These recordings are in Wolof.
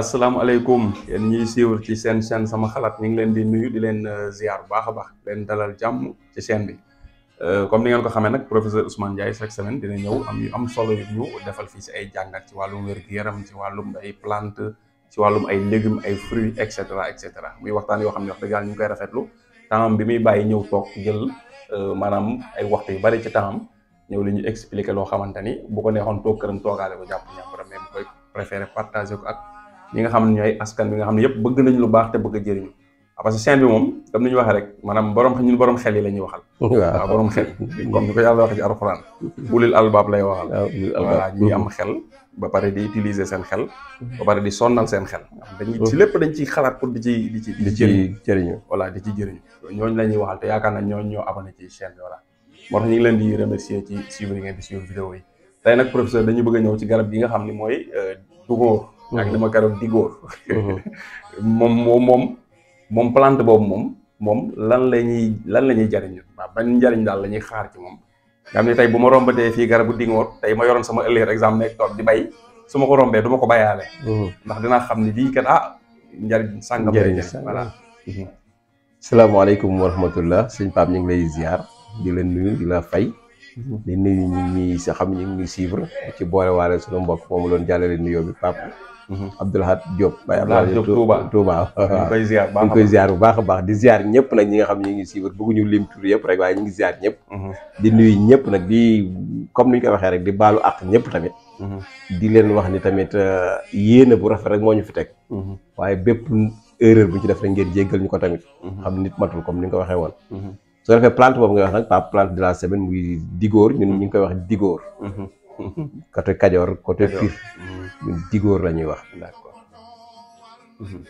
asalaamaaleykum yeen ñi suivre ci seen chaîne sama xalat ñu ngi leen di nuyu di leen eh, ziar bu baax baax leen dalal jàmm ci chaîne bi eh, comme ni ngeen ko xamee nag professeur Ousmane Ndiaye chaque semaine dina ñëw am yu am solo yu ñu defal fii si ay jàngat ci wàllum wér gi yaram ci wàllum ay plante ci wàllum ay légume ay fruits et cetera et cetera muy waxtaan yoo xam ne wax dëgg yàlla ñu koy rafetlu temps bi muy bàyyi ñëw toog jël eh, maanaam ay waxtu yu bari ci temps ñëw li ñu expliquer loo xamante ni bu ko neexoon toog këram toogaale ko jàpp ñàmbaram mais mu koy préféré partager ko ak ñi nga xam ne ñooy askan bi nga xam ne yëpp bëgg nañ lu baax te bëgg a jëriñu ah, parce que chaîne bi moom comme ni ñu waxee rek maanaam borom ñun borom xel yi la ñuy waxal. waaw ah, borom xel comme lay waxal. waaw am xel. ba pare di utiliser seen xel. ba pare di sonnal seen xel. dañuy ci lépp dañ ciy xalaat pour di ci di di ci jëriñu voilà ñooñu la ñuy waxal te yaakaar ñoo abonné ci chaîne bi voilà. moo tax ñu ngi leen di remercier ci suivre yi di suivre vidéo yi tey nag professeur dañu bëgg a ñëw ci garab gi nga xam ni mooy euh, dugóor ak dama karoon digo mom mom mom mom plante bob mom mom lan lañuy lan lañuy ñuy jariñ waaw ban njariñ dal lañuy xaar ci mom nga ni tay buma fi garabu ma yoron sama ëllëg exam nek top di bay suma rombe, ko rombe duma ko bayale mhm. ndax dina xamni li kat ah sangam sàngam wala assalamu mhm. alaykum wa rahmatullah seigne Pape ñi ngi lay ziar di len nuyu di la fay mhm. di nuyu ñi ñi sa xam ñu ngi suivre ci boole waale mbokk lu doon jallale bi Mm-hmm. Abdoul Ahad Diop Baye Abdoul Ahad Touba Touba koy ziar bu baax a baax di ziar ñëpp nag ñi nga xam ne ñu ngi suivre bëgguñu lim tur rek waaye ñu ngi ziar ñëpp mm-hmm. di nuyu ñëpp nag di comme ni ñu koy waxee mm-hmm. euh, bu rafet rek moo ñu bu ci def rek ngeen jéggal ñu ko tamit xam nit matul comme ni woon su ko defee boobu nga wax nag pas plante de la semaine muy digóor ñun ñu koy wax digóor côté Kajoor côté fif ñun hmm. digóor la ñuy wax d'accord hmm.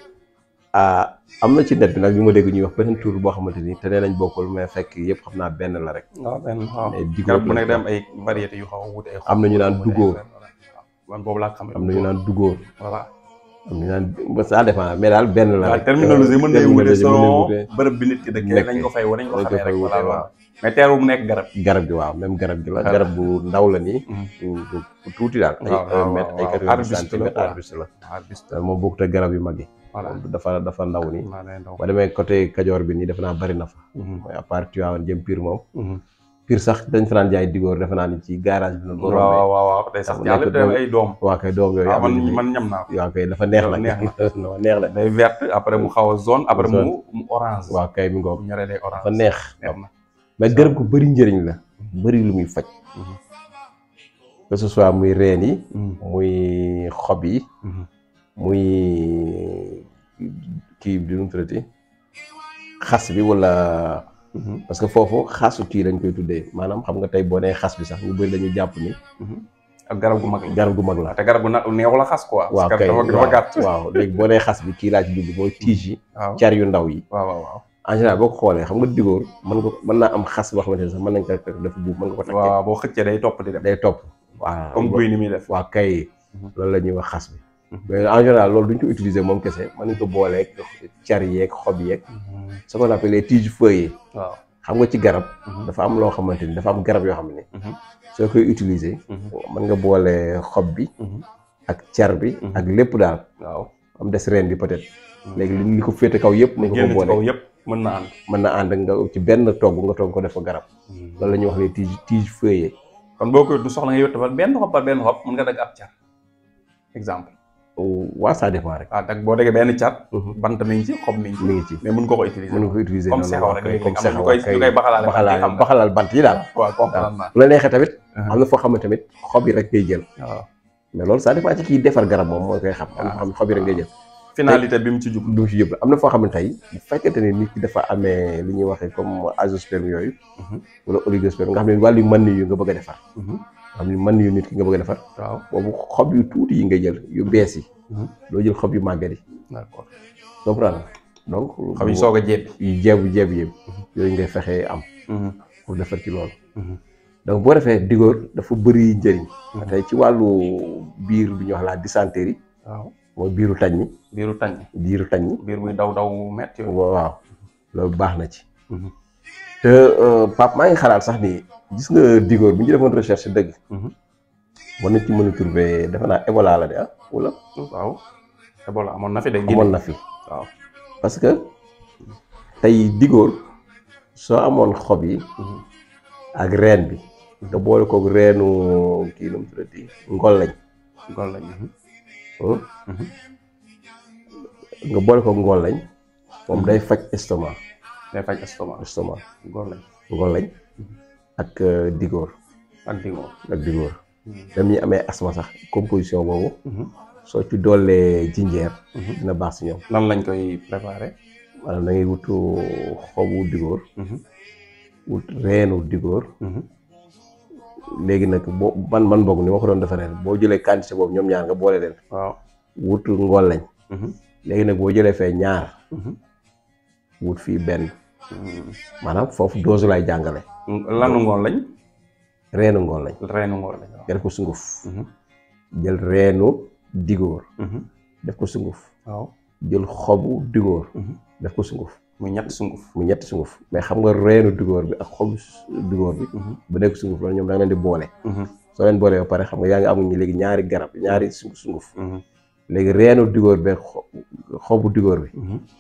ah am ci net bi nak bima ma ñuy wax benen tour bo xamanteni tane lañ bokul nañ mais fekk yépp xamna naa benn la rek wa benn wa garab bu nek dem ay variété yu xaw a wuute am na ñu naan dugóor man bobu la xam amna ñu naan dugóor voilà am na ñu naan sa dépend mais dal benn la rek terminologie mën na wuté soo bërëb bi nit ki dëkkee lañ ko fay wala dañ ko xamé rek voilà mais teer bu nekk garab. gi waaw même garab gi la. garab bu ndaw la nii. bu mm-hmm. tuuti daal. ay 1 la. arbuste la euh, moom bokkut ak garab yu mag yi. dafa dafa ndaw nii. ba demee côté Kajoor bi nii defe naa bari na fa. Mm-hmm. mooy à part Tivaouane jëm Pire moom. Mm-hmm. Pire sax dañ fa naan jaay digóor defe naa ni ci garage bi. noonu waaw waaw waaw sax jàll te ay doom. waaw kay doom yooyu. Ah, man man ñam naa ko. waaw kay dafa neex la neex la. day verte après mu xaw a zone après mu orange. waaw kay mi ngoog ñoree day orange dafa neex. mais garab gu bëri njëriñ la mhm. bëri lu muy faj mhm. que ce soit muy reen yi mhm. muy xob yi muy kii bi nu mu tuddati xas bi wala parce que foofu xasu kii dañ koy tuddee maanaam xam nga tey boo nee xas bi sax ñu bëri dañu jàpp ni ak garab gu mag la garab gu mag la te garab gu neew la xas quoi. waaw boo nee xas bi kii laa ci jublu mooy tiges yi. car yu ndaw yi. en boo ko xoolee xam nga digóor mën nga mën naa am xas boo xamante ne sax mën nañ ko fekk dafa buub mën nga ko takk waaw boo xëccee day topp di def mhm. loolu la ñuy wax xas bi mhm. mais en loolu duñ ko moom kese mën nañ ko booleeg car yeeg xob yeeg mhm. ce qu'on appelle les tiges feuillées waaw xam nga ci garab dafa am loo xamante ni dafa am garab yoo xam ne soo koy utiliser mën nga boolee xob bi ak car bi ak lépp daal waaw am des reen bi peut-être léegi li ko féete kaw yëpp mën nga ko boole mën na ànd mën na ànd nga ci benn togg nga togg ko def ko garab. Hmm. loolu la ñuy wax ne tige tige feuillée. kon boo ko du soxla nga yottu ba benn xob par benn xob mën nga dagg ab car ah, boo déggee benn cat. Mhm. bant mi ngi ci xob mi ngi ci. mi ngi ci mais mën nga ko utiliser. mën nga ko utiliser comme sexaw rek baxalaal bant yi daal. waaw bu neexee tamit. Mhm. am na foo xam ne tamit xob yi rek ngay jël. waaw loolu ça dépend ci kii defar garab moom moo koy xam. waaw ah. xam xob yi rek ngay jël. finalité bi mu ci jub du ci jub am na foo xam ne tey bu fekkente ne nit ki dafa amee li ñuy waxee comme azoosperme yooyu mhm. wala oligosperme nga xam ne wàllu mën yu nga bëgg a defar mhm. xam ne mën yu nit ki nga bëgg a defar waaw boobu xob yu tuuti yi nga jël yu bees yi loo mhm. jël xob yu màgget yi d'accord comprendre donc xob yi soog a jéeb yu jeebu jeebu yëpp yooyu ngay fexee am pour defar ci loolu donc boo defee digóor dafa bëri njëriñ tey ci wàllu biir bi ñuy wax la dysenterie waaw mooy biiru tañ biiru tañ biiru tañ mi biir buy daw daw metti waaw loolu baax na ci mhm. te euh, Pape maa ngi xalaat sax ni gis nga digóor bu ñu defoon recherche dëgg mhm. war nañ ci mën a trouver defe ah, amoon na fi de amoon na fi waaw parce que tey digóor soo amoon xob yi mhm. ak reen bi te boole koog reenu kii nu mu tuddati ngol lañ ngol lañ nga boole ko ngool lañ moom day faj estomac. day faj estomac estomac. ngool lañ ngool lañ ak euh, digóor. ak digóor ak digóor. Hmm. amee asma sax composition boobu. Hmm. soo ci doolee jinjeer. Hmm. dina baax si ñoom. nan lañ koy préparer. maanaam da ngay wutu xobu digóor. wut reenu digóor. léegi nag boo man man boog ni ma ko doon defaree boo jëlee quantité boobu ñoom ñaar nga boole leen. waaw wut ngoollañ. Mhm. léegi nag boo jëlee fee ñaar. Mhm. wut fii benn. Mhm. maanaam foofu doosu lay jàngale. lanu ngoollañ. reenu ngoollañ. reenu nga def ko sunguf. jël reenu digóor. def ko sunguf. waaw jël xobu digóor. def ko sunguf. minyak ñett sunguf muy sunguf mais xam nga reenu dugor bi ak xobu dugor bi mhm. bu nek sunguf ñom da nga leen di bolé mhm. so leen bolé ba paré xam nga ya nga am ñi légui ñaari garab ñaari sunguf mhm. légui reenu dugor bi xobu dugor bi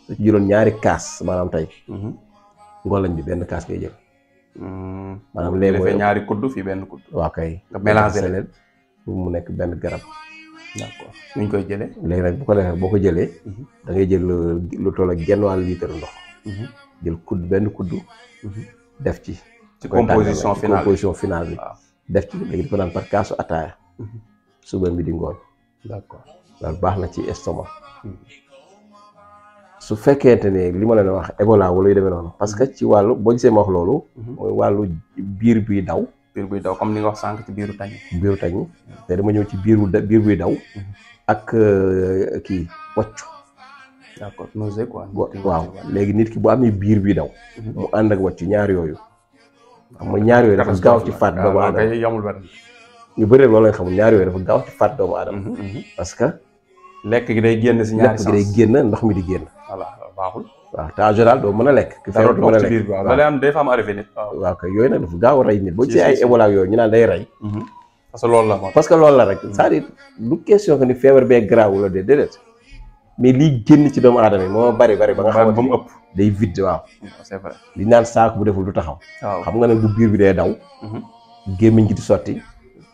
su ci juroon ñaari kaas maanaam tey ngolañ bi benn kaas ngay jël manam lé mooy ñaari kuddu fi benn kuddu wa kay nga mélanger leen bu mu nek benn garab d'accord ñu koy jëlé légui nag bu ko defee boko jëlé da ngay jël lu toll ak genn litre ndox Mhm. jël kudd benn kudd. Mhm. def ci. ci composition finale bi def ci léegi di ko par kaasu ataaya. Mhm. suba bi di ngoon. d'accord loolu baax na ci estomac. su fekkente ne li ma la leen wax Ebola wala yu demee noonu parce que ci wàllu boo gisee ma wax loolu. mooy wàllu biir buy daw. biir buy daw comme ni nga wax sànq ci biiru tañ. biiru tañ te dama ñëw ci biir buy daw. ak euh, kii wàccu. d'accord nausée quoi. waaw léegi nit ki bu amee biir bi daw. Mhm. mu ànd ak wàcc ñaar yooyu. xam nga ñaar yooyu dafa gaaw ci faat doomu aadama ah, yamul wet ñu bëri loolu lañ xamul ñaar yooyu dafa gaaw ci mhm, mhm. parce que. lekk gi day génn si ñaari sens lekk gi day génn ndox mi di génn. voilà baaxul. waaw doo mën a lekk. ki feebar doo mën a lekk waaw da lay yooyu nag yooyu ñu naan day rey. loolu la parce que loolu la rek que ni feebar bee dee mais lii génn ci doomu aadama yi moo bari bari ba nga xamante ba mu ëpp day vide waaw c'est vrai li naan saako bu deful du taxaw xam nga ne bu biir bi dee daw mhm. gémmiñ gi di sotti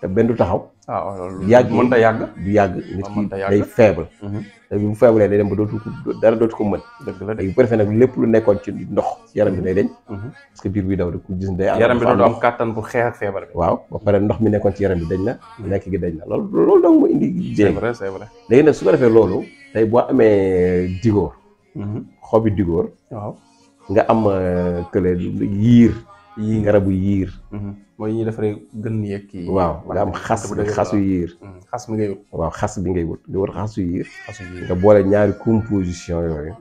te benn du taxaw ah, waaw loolu yàgg ta yàgg du yàgg nit ki day faible mhm. te bu faiblee day dem ba dootu ko dara dootu ko mën dëgg la bu defee nag lépp lu nekkoon ci ndox yaram bi day deñ mhm. parce que biir bi daw da ko gis day yaram bi dootu am kàttan bu xeex ak feebar bi waaw ba pare ndox mi nekkoon ci yaram bi dañ na nekk gi dañ na loolu loolu dong ma indi c'est léegi nag su ko defee loolu day boo amee digóor mhm. xobi digóor waaw nga am euh, kële yiir yiir garabu yiir mhm. mooy ñuy defaree gën yeeg kii waaw nga am xas xasu yiir mhm. xas bi ngay wut waaw xas bi ngay wut nga wut xasu yiir nga boole ñaari composition yooyu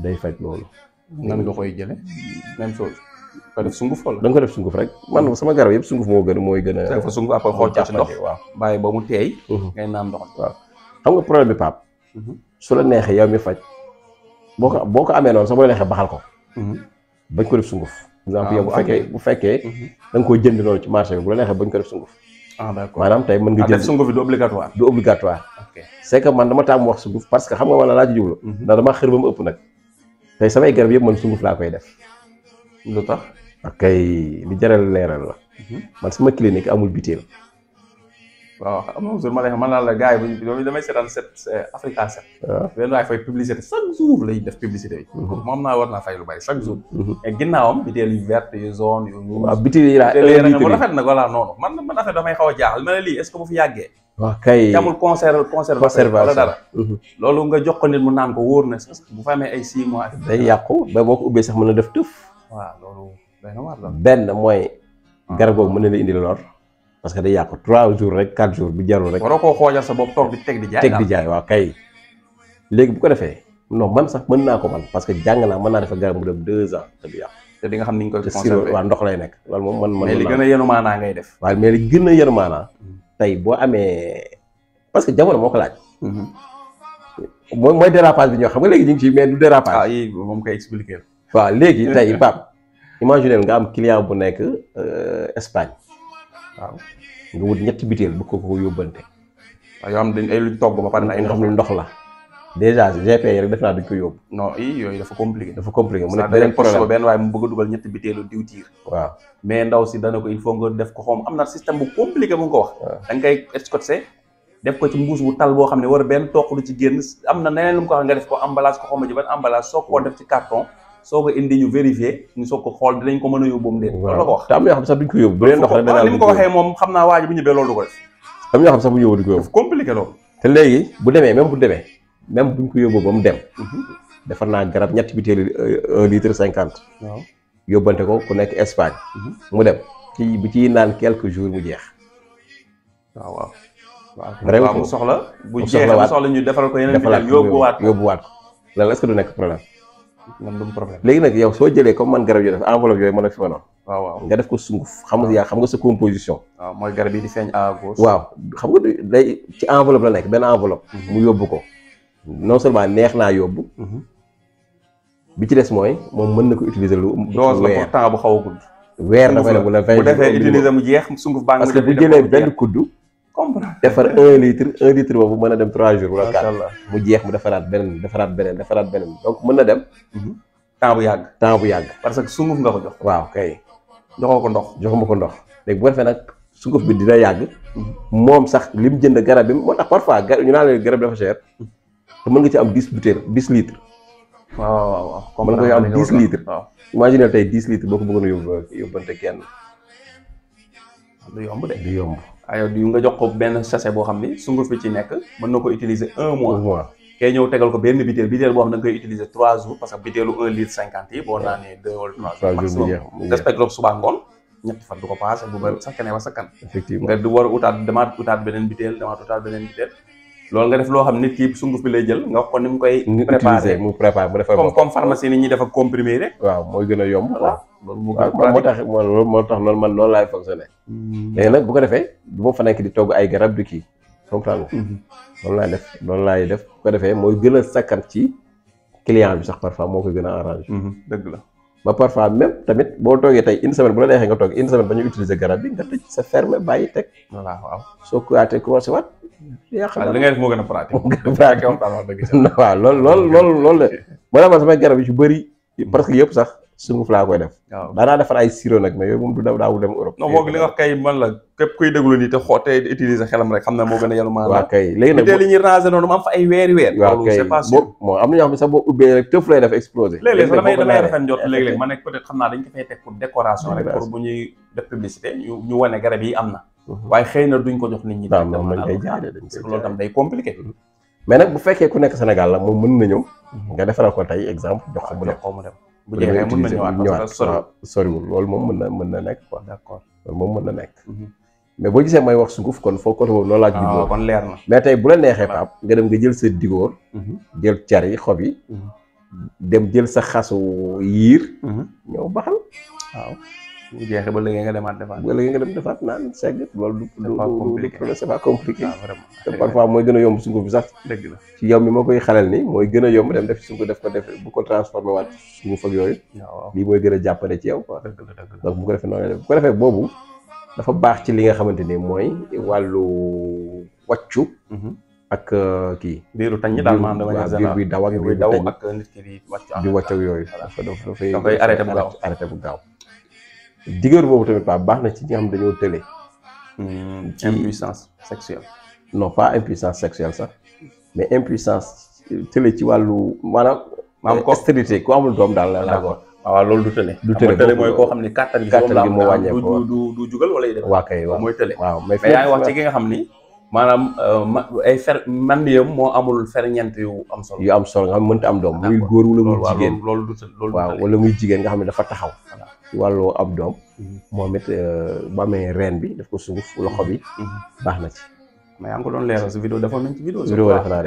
day faj loolu nan nga koy jële même chose ko def sunguf wala da nga ko def sunguf rek man sama garab yëpp sunguf moo gën mooy gën a. teg fa sunguf après xool ca ndox waaw bàyyi ba mu teey. ngay naan ndox waaw xam nga problème bi Pape. Mm-hmm. su la neexee yow mi faj boo ko boo ko amee noonu sax bu la neexee baxal ko. Mm-hmm. bañ ko def sunguf. exemple ah, yow bu fekkee bu fekkee. Mm-hmm. da nga koo jënd loolu ci marché bi bu la neexee bañ ko def sunguf. ah d'accord maanaam tey mën nga ah, jënd sunguf du obligatoire. du obligatoire. ok c'est que man dama taamu wax sunguf parce que xam nga wala laa ci jublu. ndax damaa xër ba mu ëpp nag. tey samay garab yëpp man sunguf laa koy def. lu tax. ok li jaral leeral la. man sama clinique amul butéel. waaw am na jour man naa la gars yi buñ damay seetaan set eh, Africa set ah. benn mhm. moom naa war naa fay lu bari chaque jour mais mhm. ginnaawam biteel yu verte yu jaune yu biteel nga mu rafet nag voilà man man affaire damay xaw a jaaxal ma ne lii est-ce que bu fi yàggee mhm. nga jox ko nit mu naan ko wóor na parce que bu fa amee ay six mois day boo ko ubbee sax mën a def tëf loolu benn mooy ah. garab googu mën na la indi lor parce que day yàqu trois jours rek quatre jours bu jarul rek. waroo koo xoojal sa bopp toog di teg di jaay waaw kay. léegi bu ko defee non man sax mën naa ko man parce que jàng naa mën naa defa garab mu dem deux ans te nga xam ni ñu koy conservé waaw ndox lay nekk. loolu moom man man a yenu maanaa a yenu mm. tey boo amee parce que jamono moo ko laaj. Mm-hmm. mooy mooy dérapage bi xam nga léegi ñu ngi ci mais du dérapage. ah yii moom koy expliqué. waaw léegi tey Pape imaginer nga am client bu nekk euh, Espagne. waaw nga wut ñetti biteel bu ko ko yóbbante waaw yoo xam dañ ay luñ togg ba pare na ay ndox la déjà GP yi rek def naa duñ ko yóbbu. non i yooyu dafa compliqué. dafa compliqué mu nekk beneen problème benn waaye mu bëgg a dugal ñetti biteelu diwtiir. waaw mais dana ko nga def ko xom am na système bu compliqué ko wax. da nga koy def ko ci mbuus bu tal boo xam ne war benn toq lu ci génn am na neneen lu mu ko wax nga def ko emballage ko xom ji ban soo ko def ci carton. soo ko indi ñu vérifier ñu soog ko xool dinañ ko mën a yóbbu mu dee loolu la ko wax te am na yoo xam sax duñ ko yóbbu bu leen dox rek ni mu ko waxee bu ñëwee loolu du ko def am na yoo xam sax bu yóbbu duñ ko te léegi bu demee même bu demee même buñ ko yóbbu ba mu dem mhm. defar naa garab ñetti bitéeli euh, un litre cinquante yóbbante ko ku nekk Espagne mhm. mu dem ci bu ciy naan quelques jours mu jeex waaw waaw vraiment mu soxla bu jeexee mu soxla ñu defaral ko yeneen bitéel yóbbuwaat ko yóbbuwaat ko loolu est-ce que du nekk problème man du problème léegi nag yow soo jëlee comme man garab yoo def enveloppe yooyu mën a fi ma noonu waaw nga def ko sunguf xam nga yaa xam nga sa composition waaw garab yi di feeñ à gauche waaw xam nga day ci enveloppe la nekk benn enveloppe mhm. mu yóbbu ko non seulement neex naa yóbbu mhm. bi ci des mooy moom mën na ko utiliser lu dose la pour bu xaw a gudd weer na wala bu defee utiliser mu jeex sunguf baa nga parce que bu jëlee benn kuddu comprendre defar 1 litre 1 litre boobu mën dem trois jours wala quatre mu jeex mu defaraat beneen defaraat beneen defaraat beneen donc mën dem temps bu yàgg temps bu yàgg parce que sunguf nga ko jox waaw kay joxoo ko ndox joxuma ko ndox léegi bu defee nag sunguf bi dina mhm. yàgg moom sax li mu jënd garab bi liter, tax parfois ñu naa leen garab dafa cher te liter. nga ci am liter. bouteille dix litres waaw waaw waaw comme mën nga am dix litres imagine tey dix litres boo ko bëggoon yóbbu yóbbante kenn du yomb de du yomb ayob yu nga jox ko benn sachet boo xam ni sunguf bi ci nekk mën na ko utiliser un mois. kay ñëw tegal ko benn bitéel bitéel boo xam ne da nga koy utiliser trois jours parce que bitéelu un litre cinquante yi boo naanee deux wala trois jours maximum respecté ko ngoon ñetti fan du ko paase bu ba sakkanee ba sakkan effectivement nga war utaat demaat utaat beneen bitéel demaat utaat beneen bitéel loolu nga def loo xam nit ki sunguf bi lay jël nga wax ko ni mu koy. préparé mu préparé mu defar comme comme pharmacie ni ñuy dafa comprimé rek. waaw mooy gën a yomb. waaw loolu moo tax loolu moo tax loolu man loolu laay fonctionné. Hmm. léegi nag bu ko defee du ma fa nekk di togg ay garab du kii comprendre nga. Hmm. loolu laay def loolu laay def bu ko defee mooy gën a sakkan ci client bi sax parfois moo koy gën a arrangé. Hmm, dëgg la. ba parfois même tamit boo toogee tey une semaine bu la neexee nga toog une semaine ba ñu utiliser garab bi nga tëj sa ferme bàyyi teg. voilà waaw soo ko aatee commencé waat. yaa xam li ngay def moo gën a pratique. moo gën a pratique waaw loolu lool loolu loolu la. moo tax man samay garab yu ci bëri. presque yëpp sax. sunguf laa koy def. waaw daanaa defar ay sirop nag mais moom du daw daawu dem Europe. non moom li kay man la képp kuy déglu nii te xoo utiliser xelam rek xam a yanu maanaam. waaw kay léegi nag li ñuy moo am na ñoo xam ne sax boo ubbee rek tëf lay def exploser. naa garab yi am na. Mhm. waaye xëy na duñ ko jox nit ñi. waaw moom loolu tam mhm. fekkee ku nekk Sénégal la moom mën na ñëw nga defaral ko tey exemple jox ko mu dem bu jeexee mën na ñëwaat parce soriwul loolu moom mën na mën mm-hmm. na nekk quoi. d'accord loolu moom mën na nekk. Mm-hmm. mais boo gisee may wax sunguf kon foo ko boobu loolu laa jubloo ah, leer na mais tey bu la neexee Pape nga dem nga jël sa digóor mm-hmm. jël car yi xob yi dem jël sa xasu yiir ñëw baxal waaw bu jeexee ba léegi nga defaat. nga dem defaat naan segg loolu. du du du du c'est pas compliqué. Ah, mooy gën yomb sunguf bi sax. dëgg la ci yow mi ma koy xelal ni mooy gën yomb dem def sunguf def ko def bu ko transformé waat sunguf ak yooyu. waaw lii mooy gën jàppale ci yow quoi. dëgg bu ko defee noonu bu ko boobu dafa baax ci li nga xamante ni mooy wàllu wàccu. Mhm. ak euh, kii. biiru ñi daal maanaam damay. biir buy daw ak biir buy daw ak nit ki di wàcc ak yooyu. dafay arrêté bu gaaw diggante boobu tamit pas baax na ci ñi nga xam dañoo tële. Hmm, ci impuissance sexuelle. non pas impuissance sexuelle sax mais impuissance euh, tële ci wàllu maanaam. maanaam ko stérilité ku amul doom daal la. d'accord ah, waaw loolu du tële. du tële tële mooy koo xam ni kàttan moo wàññeeku waaw du yi def. waa kay waaw mooy tële. waaw mais yaa nga xam ni. maanaam euh, ma ay fer man yëm moo amul ferñeent yu am solo. yu am solo nga xam mënta am doom. muy góor wala muy jigéen loolu du loolu waaw wala muy jigéen nga xam ne dafa taxaw. ci wàllu doom mhm. moom it euh, bu amee reen bi daf ko sunguf loxo bi mhm. Mhm. baax na ci mais yaa ngi ko doon leeral sa vidéo defoon nañ ci vidéo ah.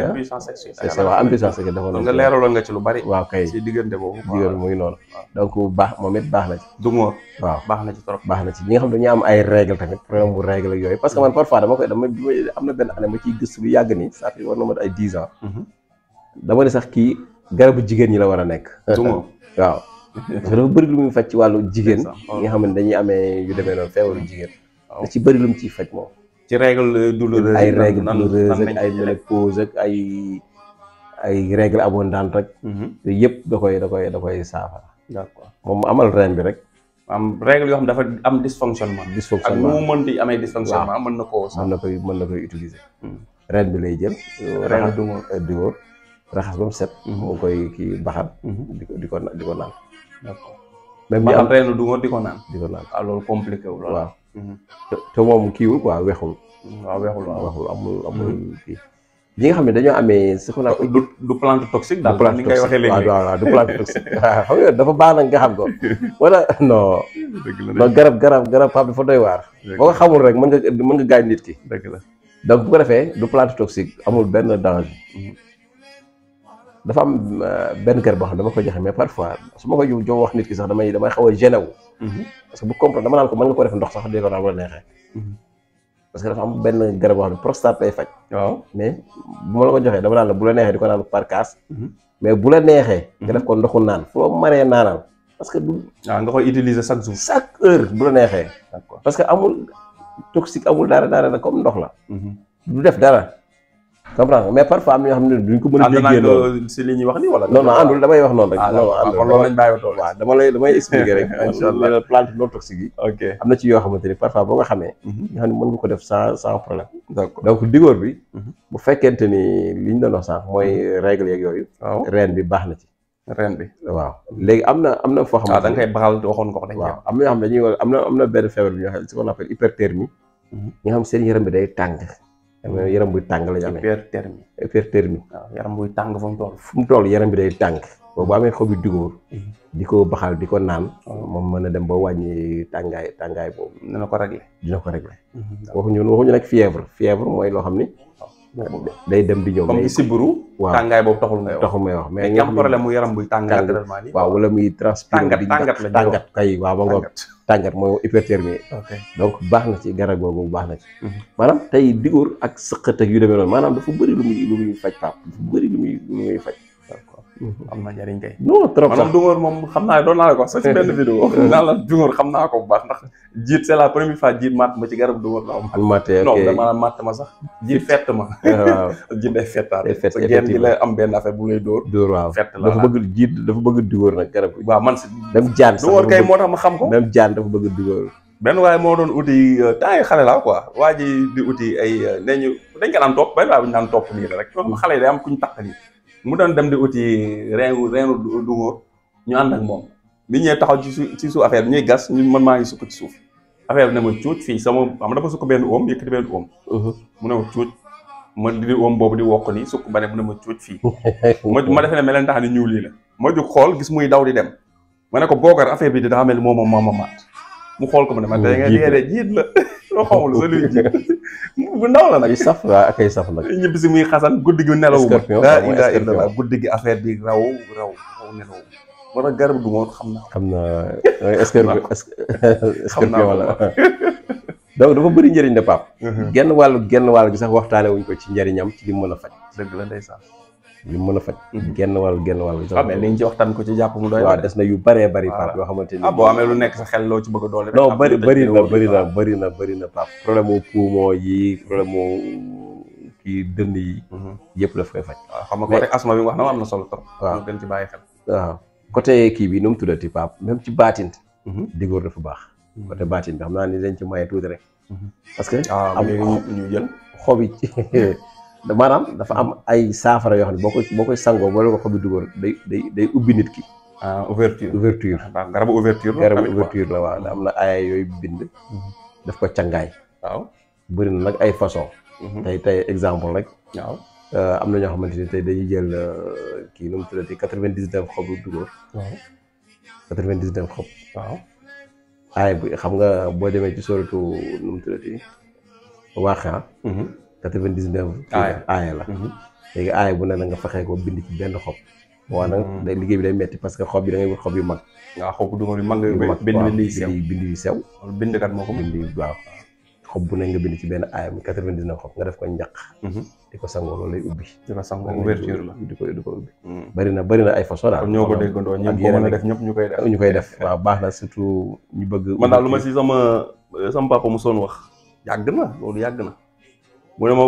nga ci lu bari waaw kay ci diggante boobu diggante mu ngi noonu donc baax moom it baax na ci du ngoor baax na ci trop baax na ci ñi nga am ay règle tamit problème bu règle yooyu parce que man parfois dama koy dama am na benn année ma ciy gëstu lu yàgg nii ça fait war na mat ay dix ans dama ne sax kii garabu jigéen ñi la war a nekk du ngoor waaw dafa bëri lu muy faj ci wàllu jigéen yi nga xam ne dañuy amee yu demee noonu feebaru jigéen da ci bëri lu mu ciy faj moom ci règle douloureuse ay règle douloureuse ak ay ménopause ak ay ay règle abondante rek mhm. yooyu yëpp da koy da koy da koy saafara d'accord moom amal bi rek am règle yoo dafa am dysfonctionnement dysfonctionnement ak mu amee dysfonctionnement mën na koo mën na koy mën na koy utiliser reen bi lay jël mhm. reen du ma euh, ba mu set mhm. koy kii baxal di ko di d'accord même ñi am ba du nga di ko naan. di ko naan waaw ah, loolu compliqué wu. waaw mhm. te moom kiiwul quoi weexul. Mm, waaw weexul waaw weexul amul mhm. amul kii. ñi nga xam ne dañoo amee ce qu'on appelle du du plante toxique daal. plante toxique waaw du plante toxique xam nga dafa baax nag nga xam ko wala no non garab garab garab Pape dafa doy waar. boo ko xamul rek mën nga mën nga gaañ nit ki. dëgg la donc bu ko defee du plante toxique amul benn danger. Mhm. dafa am euh, benn kër boo xam ne dama ko joxe mais parfois su ma ko jo wax nit ki sax damay damay xaw a gêné wu. Mhm. parce que dama naan ko mën ko def ndox sax di ko mhm. parce que dafa am benn garab boo xam ne prostate faj. mais bu ma la ko joxee dama naan la bu la neexee di ko naan par mhm. mais bu la neexee. nga def ko ndoxu naan foo la maree naanal. parce que du. waaw ah, nga koy utiliser chaque jour. chaque heure bu la neexee. d'accord parce que amul toxique amul dara dara comme ndox la. du def dara. comprends nga mais parfois am na ñoo xam ne duñ ko mën a déggee wax nii wala non non àndul damay wax noonu rek ah, non àndul ah, damay expliquer rek plante non toxique yi am na ci yoo xamante ni parfois boo ko xamee mhm. nga xam ne mën nga ko def sans sans problème d'accord donc digóor bi mhm. bu fekkente ni liñ ñu doon wax sànq mooy mhm. règle yeeg yooyu waaw reen bi baax na ci reen bi waaw léegi am na am na foo ah, xam ne da nga koy baxal waxoon nga ko dañ waaw am na yoo xam ne dañuy am na am na benn feebar bi ñoo xam seen yaram bi day tàng yaram buy tàng la amee hyperthermie hyperthermie waaw yaram buy tàng fu mu toll fu mu toll yaram bi day tàng boobu amee xobi dugóor hmm. di ko baxal di ko naan hmm. moom mën a dem ba wàññi tàngaay tàngaay boobu dina ko régler dina ko régler hmm, waxuñu waxuñu nag fièvre fièvre mooy loo xam ni day dem bi ñëw comme sibbiru waaw tàngaay boobu taxul ngay wax taxul ngay wax mais nga am problème mu yaram buy tàngat waaw wala muy transpire di tàngat la tàngat kay waaw ba ngoog tàngat mooy hyperthermie donc baax na ci garab bu baax na ci mhm. maanaam tey digóor ak sëqat ak yu demee noonu maanaam dafa bëri lu muy lu muy faj pap dafa bëri lu muy faj am na njariñ kay. non trop sax maanaam moom xam naa doon naa la ko wax sax ci benn vidéo. naan la Dungoor bu baax ndax jiit c'est la première fois jiit ma ci garab Dungoor la am. ma sax jiit ma. waaw jiit day fettaat. day fett am benn affaire bu lay dóor. waaw fett la dafa bëgg dafa bëgg Dungoor nag garab gi. waaw man si dem jaan sax kay moo tax ma xam ko. même jaan dafa bëgg Dungoor. benn waaye moo doon uti euh, temps yi xale laa quoi waa ji di uti ay euh, nee ñu dañ ko naan topp benn waaye bu ñu daan topp nii rek mm. xale yi day am kuñ takk nii mu daan dem di uti reenu reenu du wóor ñu ànd moom li ñee taxaw ci su ci suuf affaire bi ñuy gas ñu man maa ngi sukk ci suuf affaire bi ne ma cuuc fii sama am dama sukk benn oom yëkkati benn oom uh-huh. mu ne ma cuuc ma di oom boobu di wokk nii sukk ba ne mu ne ma cuuc fii ma ma defe ne meleen tax ni ñuul lii la ma jóg xool gis muy daw di dem ma ne ko boogar affaire bi di daa mel moo ma moo ma maat mu xool ko mu ne ma tey nga dee jiit la loo xamul sa luy jiit bu ndaw la nag saf waaw ak ay saf nag ñibbi muy xasan guddi gi nelawu ma daa ida illa guddi gi affaire bi raw raw raw nelawu garab du moom xam naa xam naa scorpion scorpion wala donc dafa bëri njëriñ de pap mhm. genn wàllu genn wàll gi sax waxtaane wuñ ko ci njariñam ci li mu mën a faj dëgg la ndeysaan yu mën a faj mhm. genn wàll genn wàll ah mais liñ ci waxtaan ko ci jàpp mu doy waaw des na yu bëree bari pap yoo xamante ni ah boo amee lu nekk sa xel loo ci bëgg a doole non bëri bëri na bëri na bëri na pap problème mu poumon yi problème mu kii dënd yi mhm. yëpp daf koy xam nga ko bi wax na am na solo trop ci bàyyi xel côté kii bi nu mu tuddati pap même ci baatin mhm. digóor dafa baax côté baatin bi xam naa ni dañ ci maye tuuti rek parce que ah, am ñu jël xobi maanaam dafa am ay saafara yoo xam ne boo koy boo koy sangoo boo la ko xobi dugal day day day ubbi nit ki. Ah, ouverture ouverture. waaw ah, garabu ouverture la garabu la waaw am na ay yooyu bind. Mhm. def ko cangaay. waaw bëri na nag ay façon mhm. tey tey exemple rek. Euh, am na ñoo xamante ni tey dañuy jël euh, kii nu mu tuddati quatre-vingt-dix-neuf xobu dugóor. waaw quatre vingt bu xam nga boo demee ci soratu nu mu tuddati waaqa. 99 aaya aaya la mhm. léegi aaya bu ne na nga fexee ko bind ci benn xob waaw nag mhm. day liggéey bi day metti parce que xob yi da ngay wut xob yu mag waaw xob du yu mag nga bind mhm. di ko sangoo loolu lay ubbi di ko sangoo ouverture la di ko di ko ubbi bari na bari na ay façon daal ñoo ko déggandoo ñi ko mën a def sama sama papa mu soon wax yàgg na loolu mu ne ma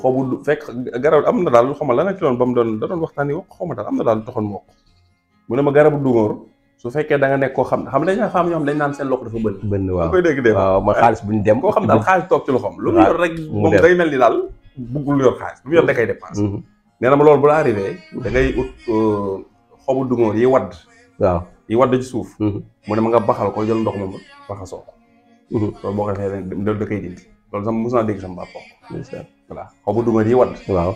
xobu fekk garab am na daal lu xamal la nekk ci doon ba mu doon da waxtaan yi xaw ma daal am na daal lu taxoon moo ko mu ne ma garabu dungóor su fekkee danga nekk koo xam ne xam ne dañoo xam ñoo xam dañ naan seen loxo dafa bënn bënn waaw koy dégg dégg waaw ma xaalis bu ñu dem koo xam daal xaalis toog ci day mel ni daal buggul lu yor xaalis lu mu yor da koy dépense mm-hmm. nee na ma loolu bu la arrivé da ngay ut euh, xobu dungóor yi wadd waaw yi wadd ci suuf mm-hmm. mu ne ma nga baxal ko jël ndox ma moom baxasoo ko mm-hmm. loolu boo ko defee loolu da koy dindi loolu sama mos naa dégg sama papa. voilà xobu dungóor yi wadd. waaw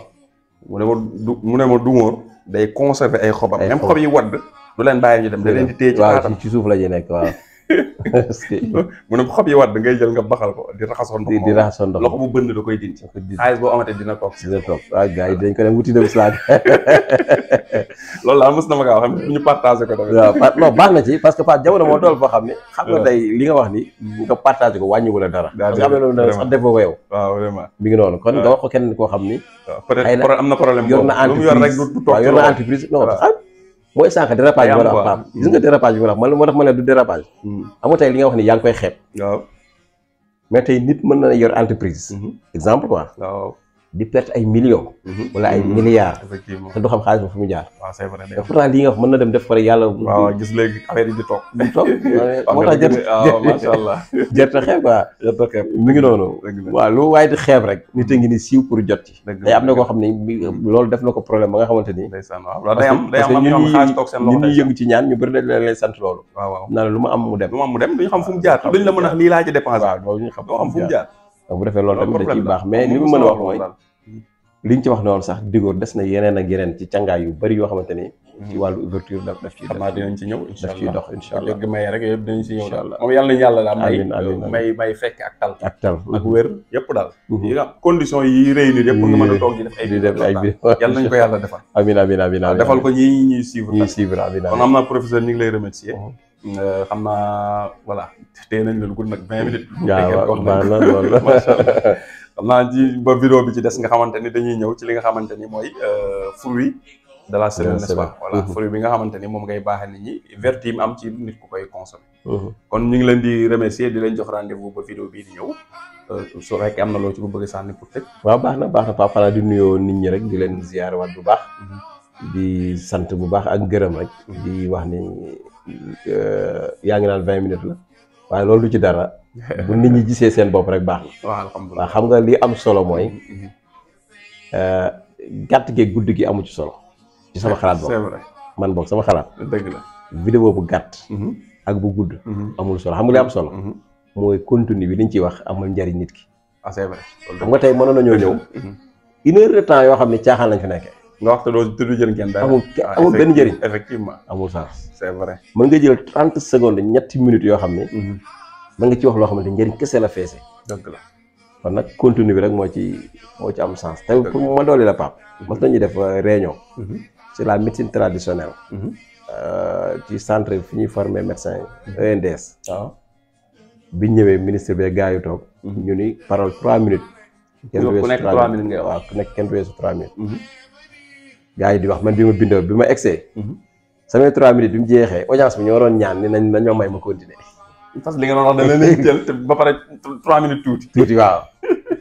mu ne ma du mu ne ma dungóor day conservé ay xobam. même xob yi wadd du leen bàyyi ñu dem da leen di téye ci. ci suuf la ñuy nekk waaw. est-ce que mu ne xob yi wadd ngay jël nga baxal ko di raxasoo ndox di raxasoo bu bënn da koy dindi xaalis boo amatee dina toog dina toog waaw gars yi dañ ko dem wuti dem slaag loolu daal mos na ma kaa wax ko tamit waaw baax na ci parce que Fatou jamono moo toll foo xam ne xam nga tey li nga wax ni nga partagé ko wàññiwu la dara mi ngi noonu nga ko kenn koo xam ni peut-être entreprise yor na mooy sànq dérapage bi ma la gis nga hmm. dérapage bi ma la wax man moo tax ma ne du dérapage hmm. amu tey li nga wax ni yaa ngi koy xeeb waaw tey nit mën na yor entreprise hmm. exemple quoi di perte ay millions. Mhm. wala ay milliards. effectivement te du xam xaalis ba fu mu jaar. waaw c'est vrai lii nga wax mën na dem def pare yàlla. waaw gis léegi affaire yi di toog. di toog moo tax jër ah, waaw macha allah. jër te xeeb te xeeb mi ngi noonu. waaw lu waaye di xeeb rek. nit a ngi ni siiw pour jot ci. dëgg am na koo xam ne loolu def na ko problème ba nga xamante ni. ndeysaan waaw day am day am am ñoom xaalis toog seen loxo parce que ñun ñii yëngu ci ñaan ñu bëri dañ lay sant loolu. waaw lu ma am mu dem. lu ma am mu dem duñ xam fu mu jaar duñ la mën a lii laa ci dépense. waaw loolu ñu xam duñ xam fu mu jaar donc bu defee loolu tamit da ciy baax mais li mu mën a wax mooy liñ ci wax noonu sax digóor des na yeneen ak yeneen ci càngaay yu bëri yoo xamante ni hmm. ci wàllu ouverture daf daf ci ñëw daf ciy dox incha allah may rek yëpp dinañ ci ñëw daal yàlla nañu yàlla daal may fekk ak tal ak tal ak wér yëpp daal hmm. condition yi réunir yëpp nga mën a toog di def ay di def ay bi yàlla nañ defal ko ñi ñuy suivre ñuy suivre Euh, xam naa voilà téye nañ leen gudd nag vingt minutes. la macha allah xam naa ci ci des nga xamante ni dañuy ñëw ci li nga xamante ni mooy euh, fruit. de la semaine n'est-ce mmh. bi nga xamante ni moom ngay baax nit ñi vertu yi mu am ci nit ku koy consommer. Mmh. kon ñu ngi leen di remercier di leen jox rendez-vous ba vidéo bii di ñëw. Euh, soo rek am na loo ci bu bëgg sànni pour teg. waaw baax na baax na Papa di nuyoo nit ñi rek di leen ziyaarawaat bu baax. Mmh. di sant bu baax ak gërëm rek. di wax ni. Euh, yaa ngi naan vingt minutes la waaye loolu du ci dara bu nit ñi gisee seen bopp rek baax na waaw xam nga li am solo mooy mm-hmm, mm-hmm. Euh, gàtt geeg gudd gi amu ci solo ci sama xalaat bopp man boog sama xalaat dëgg bu gàtt mm-hmm. ak bu gudd amul solo xam am solo mooy contenu bi liñ ciy wax amul njariñ nit ki ah c'est vrai xam nga tey mënoon nañoo ñëw une heure de temps yoo xam ne caaxaan lañ fi nekkee nga wax te doo tudd jën kenn dara. amul ah, benn njëriñ effectivement amul sens. c'est vrai mën nga jël trente secondes ñetti minutes yoo xam ne. Mhm. mën nga ci wax loo xamante ni njëriñ kese la feese. dëgg la kon nag continue bi rek moo ci moo ci am sens. te moo ma doole la Pape. Mhm. mos def euh, réunion. Mhm. sur la médecine traditionnelle. Euh, ci centre fi ñuy former médecin ENDS. waaw ah. bi ñëwee ministre bi gaa yu toog. ñu ni parole trois minutes. kenn ku nekk trois kenn weesu trois minutes. gars yi di wax man bi ma bindoo bi ma egsee. Mhm. samay 3 minutes bi mu jeexee audience bi ñoo doon ñaan ne nañ nañoo may ma continuer. parce que ba pare 3 minutes tuuti. tuuti waaw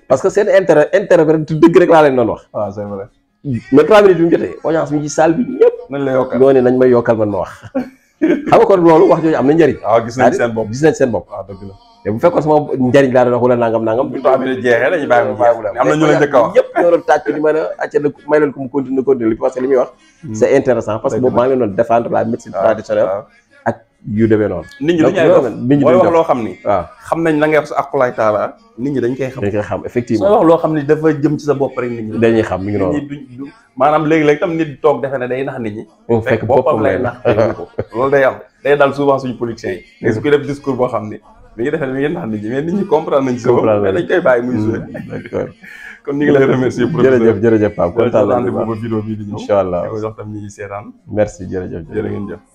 parce que seen intérêt intérêt bi rek dëgg rek laa leen doon wax. waaw c'est vrai. minutes bi mu jotee audience bi ci salle bi ñëpp. nañ ñoo ne nañ may yokkal man ma wax. xam nga loolu wax jooju am na njëriñ. waaw ah, gis nañ seen bopp gis nañ seen bopp ah, la. te bu fekkoon sama njariñ laa doon wax nangam nangam. bu na ñu la njëkk a wax ñëpp ñoo doon xam ni. waaw ah. xam nañ la nga wax sa akulaay taala nit ñi toog defe ne day nax nit ñi. Oh, fekk boppam lay nax loolu day am day dal souvent suñu politiciens yi. su koy def discours boo xam ni mi ngi defee mi ngi nax nit ñi mais nit ñi comprendre nañ. comprendre nañ mais dañ koy mm, kon ñu ngi lay remercier. professeur jërëjëf jërëjëf Pape kontaan nañu bu baax vidéo bi di ñëw. incha allah yow sax merci jërëjëf jërë ngeen jëf.